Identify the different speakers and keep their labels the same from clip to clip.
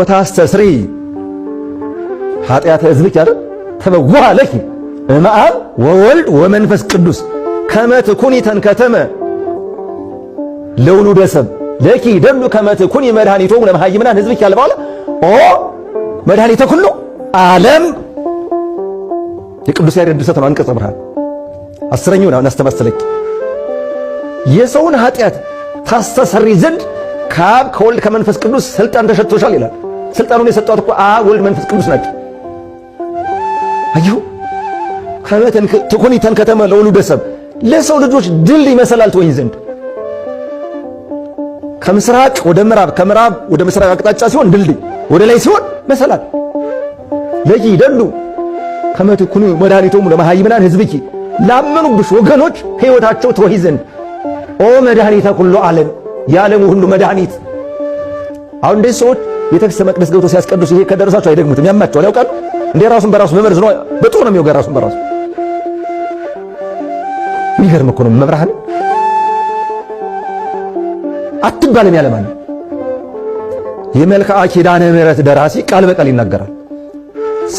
Speaker 1: ወታስተስሪ ኃጢአተ ህዝብክ ያለ ተበዋ ለኪ እምአብ ወወልድ ወመንፈስ ቅዱስ ከመትኩኒ ተንከተመ ለውሉደ ሰብ ለኪ ደሉ ከመትኩኒ መድኃኒቶሙ ለመሃይምናን ህዝብክ ያለ በኋላ ኦ መድኃኒተ ኩሉ ዓለም የቅዱስ ያሬድ ድርሰት ነው። አንቀጸ ብርሃን አስረኛው እናስተማሰለኪ የሰውን ኃጢአት ታስተሰሪ ዘንድ ከአብ ከወልድ ከመንፈስ ቅዱስ ስልጣን ተሸጥቶሻል ይላል። ስልጣኑን የሰጧት እኮ አብ ወልድ መንፈስ ቅዱስ ናቸው። አየሁ ተኮኒተን ከተማ ለሁሉ ደሰብ ለሰው ልጆች ድል ይመሰላል ትሆኝ ዘንድ ከምስራቅ ወደ ምዕራብ ከምዕራብ ወደ ምስራቅ አቅጣጫ ሲሆን ድልድይ ወደ ላይ ሲሆን መሰላል ለጂ ደሉ ከመት ኩኑ መድኃኒቶሙ ለመሃይምናን ህዝብኪ ላመኑብሽ ወገኖች ሕይወታቸው ትሆይ ዘንድ ኦ መድኃኒተ ኩሉ ዓለም የዓለሙ ሁሉ መድኃኒት አሁን እንደዚህ ሰዎች ቤተክርስቲያን መቅደስ ገብቶ ሲያስቀድሱ ይሄ ከደረሳቸው አይደግሙትም፣ ያማቸዋል፣ ያውቃሉ። እንደ ራሱን በራሱ በመርዝ ነው በጥሩ ነው የሚወጋ ራሱን በራሱ የሚገርም እኮ ነው። መብርሃን አትባልም ያለማን የመልክዓ ኪዳነ ምሕረት ደራሲ ቃል በቃል ይናገራል።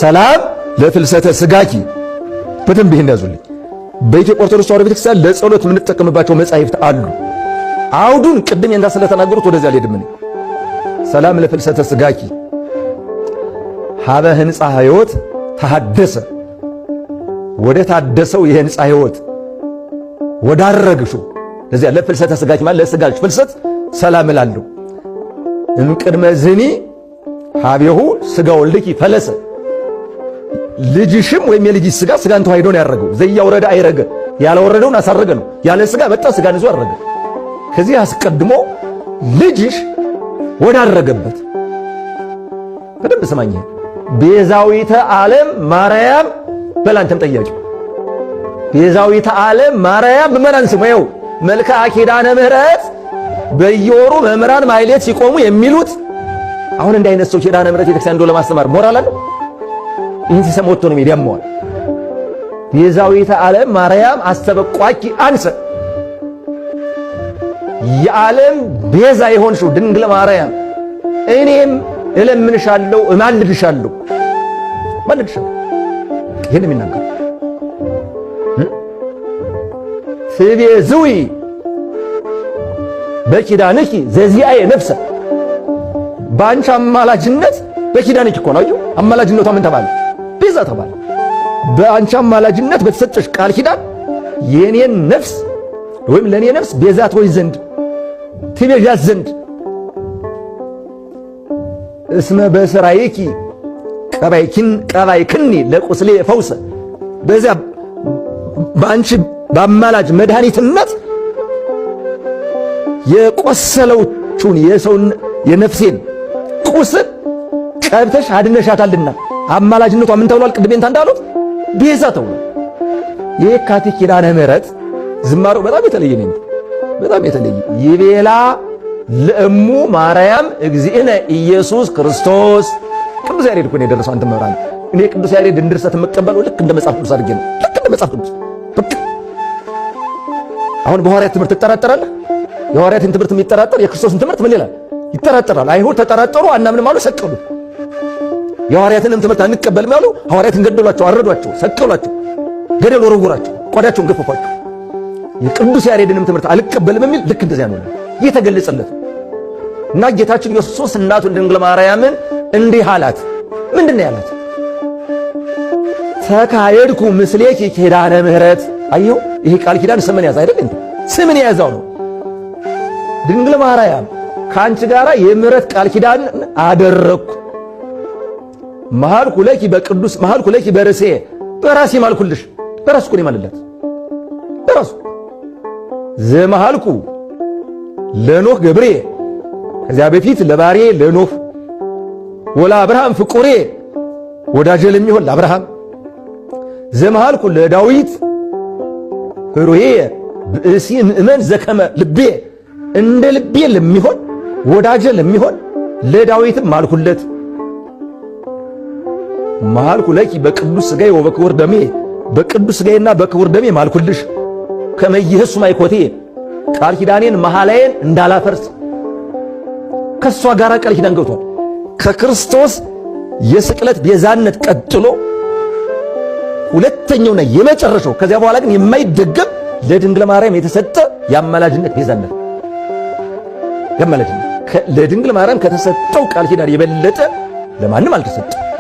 Speaker 1: ሰላም ለፍልሰተ ስጋኪ በደንብ ይሄን ያዙልኝ። በኢትዮጵያ ኦርቶዶክስ ተዋሕዶ ቤተክርስቲያን ለጸሎት የምንጠቀምባቸው መጻሕፍት አሉ። አውዱን ቅድም እንዳስለተናገሩት ወደዚያ አልሄድም እኔ ሰላም ለፍልሰተ ስጋኪ ሀበ ህንፃ ህይወት ተሃደሰ ወደ ታደሰው የህንፃ ህይወት ወዳረግሹ ለዚያ ለፍልሰተ ስጋኪ ማለት ለስጋሽ ፍልሰት ሰላም እላለሁ። እምቅድመ ዝኒ ሀቤሁ ስጋ ወልድኪ ፈለሰ ልጅሽም ወይም የልጅሽ ስጋ ስጋን ተዋሕዶ ነው ያረገው። ዘያውረደ አይረገ ያላወረደውን አሳረገ ነው። ያለ ስጋ መጣ ስጋን ይዞ አረገ። ከዚህ አስቀድሞ ልጅሽ ወዳረገበት በደንብ ስማኝ። ቤዛዊተ ዓለም ማርያም በላንተም ጠያቂው ቤዛዊተ ዓለም ማርያም ብመራን ስሙየው መልክዓ ኪዳነ ምሕረት በየወሩ መምህራን ማይሌት ሲቆሙ የሚሉት አሁን እንዲህ አይነት ሰው ኪዳነ ምሕረት ቤተክርስቲያን እንደው ለማስተማር ሞራል አለው። ይህን ሲሰማ ወጥቶ ነው የሚደማው። ቤዛዊተ ዓለም ማርያም አስተበቋቂ አንሰ የዓለም ቤዛ የሆንሽው ድንግል ማርያም እኔም እለምንሻለሁ፣ እማልድሻለሁ፣ እማልድሻለሁ። ይሄን የሚናገር ትቤዝዊ በኪዳንኪ ዘዚአየ ነፍሰ በአንቺ አማላጅነት በኪዳንኪ እኮ ነው። አማላጅነቷ ምን ተባለ? ቤዛ ተባለ። በአንቺ አማላጅነት በተሰጠሽ ቃል ኪዳን የኔን ነፍስ ወይም ለእኔ ነፍስ ቤዛ ትሆኝ ዘንድ ትቤዣት ዘንድ እስመ በስራይኪ ቀባይኪን ቀባይክኒ ለቁስሌ ፈውሰ በዚያ በአንቺ በአማላጅ መድኃኒትነት የቆሰለችውን የሰውን የነፍሴን ቁስል ቀብተሽ አድነሻታልና አማላጅነቷ ምን ተብሏል? ቅድሜንታ እንዳሉት ቤዛ ተብሏል። ይህ ኪዳነ ምሕረት ዝማሬው በጣም የተለየ ነው። በጣም የተለየ ይቤላ ለእሙ ማርያም እግዚእነ ኢየሱስ ክርስቶስ ቅዱስ ያሬድ እኮ ነው የደረሰው። አንተ መብራን እኔ ቅዱስ ያሬድ እንድርሰት የምቀበለው ልክ እንደ መጽሐፍ ቅዱስ አድርጌ ነው። ልክ እንደ መጽሐፍ ቅዱስ አሁን በሐዋርያት ትምህርት ትጠራጠራለህ? የሐዋርያትን ትምህርት የሚጠራጠር የክርስቶስን ትምህርት ምን ይላል? ይጠራጠራል። አይሁድ ተጠራጠሩ፣ አናምንም አሉ፣ ሰቀሉ። የሐዋርያትንም ትምህርት አንቀበልም ያሉ ሐዋርያትን ገደሏቸው፣ አረዷቸው፣ ሰቀሏቸው፣ ገደል ወረወራቸው፣ ቆዳቸውን ገፈፏቸው። የቅዱስ ያሬድንም ትምህርት አልቀበልም የሚል ልክ እንደዚያ ነው የተገለጸለት እና ጌታችን ኢየሱስ እናቱን ድንግል ማርያምን እንዲህ አላት። ምንድን ነው ያላት? ተካሄድኩ ምስሌኪ ኪዳነ ምሕረት አየሁ። ይሄ ቃል ኪዳን ስምን ያዝ አይደል? እንዴ? ስምን የያዛው ነው። ድንግል ማርያም ከአንቺ ጋራ የምሕረት ቃል ኪዳን አደረግኩ። መሐልኩ ለኪ በቅዱስ መሐልኩ ለኪ በርሴ በራሴ ማልኩልሽ። በራሱ እኮ ነው የማልላት በራሱ ዘመሃልኩ ለኖህ ገብሬ ከዚያ በፊት ለባሬ ለኖህ ወላ አብርሃም ፍቁሬ ወዳጀ ለሚሆን ለአብርሃም ዘመሃልኩ ለዳዊት ህሩዬ ብእሲ ምእመን ዘከመ ልቤ እንደ ልቤ ለሚሆን ወዳጀ ለሚሆን ለዳዊትም ማልኩለት ማልኩ ለኪ በቅዱስ ሥጋዬ ወበክቡር ደሜ በቅዱስ ሥጋዬና በክቡር ደሜ ማልኩልሽ ከመይህሱ ማይኮቴ ቃል ኪዳኔን መሐላዬን እንዳላፈርስ ከእሷ ጋር ቃል ኪዳን ገብቷል። ከክርስቶስ የስቅለት ቤዛነት ቀጥሎ ሁለተኛውና የመጨረሻው ከዚያ በኋላ ግን የማይደገም ለድንግል ማርያም የተሰጠ የአማላጅነት ቤዛነት የአማላጅነት ለድንግል ማርያም ከተሰጠው ቃል ኪዳን የበለጠ ለማንም አልተሰጠም።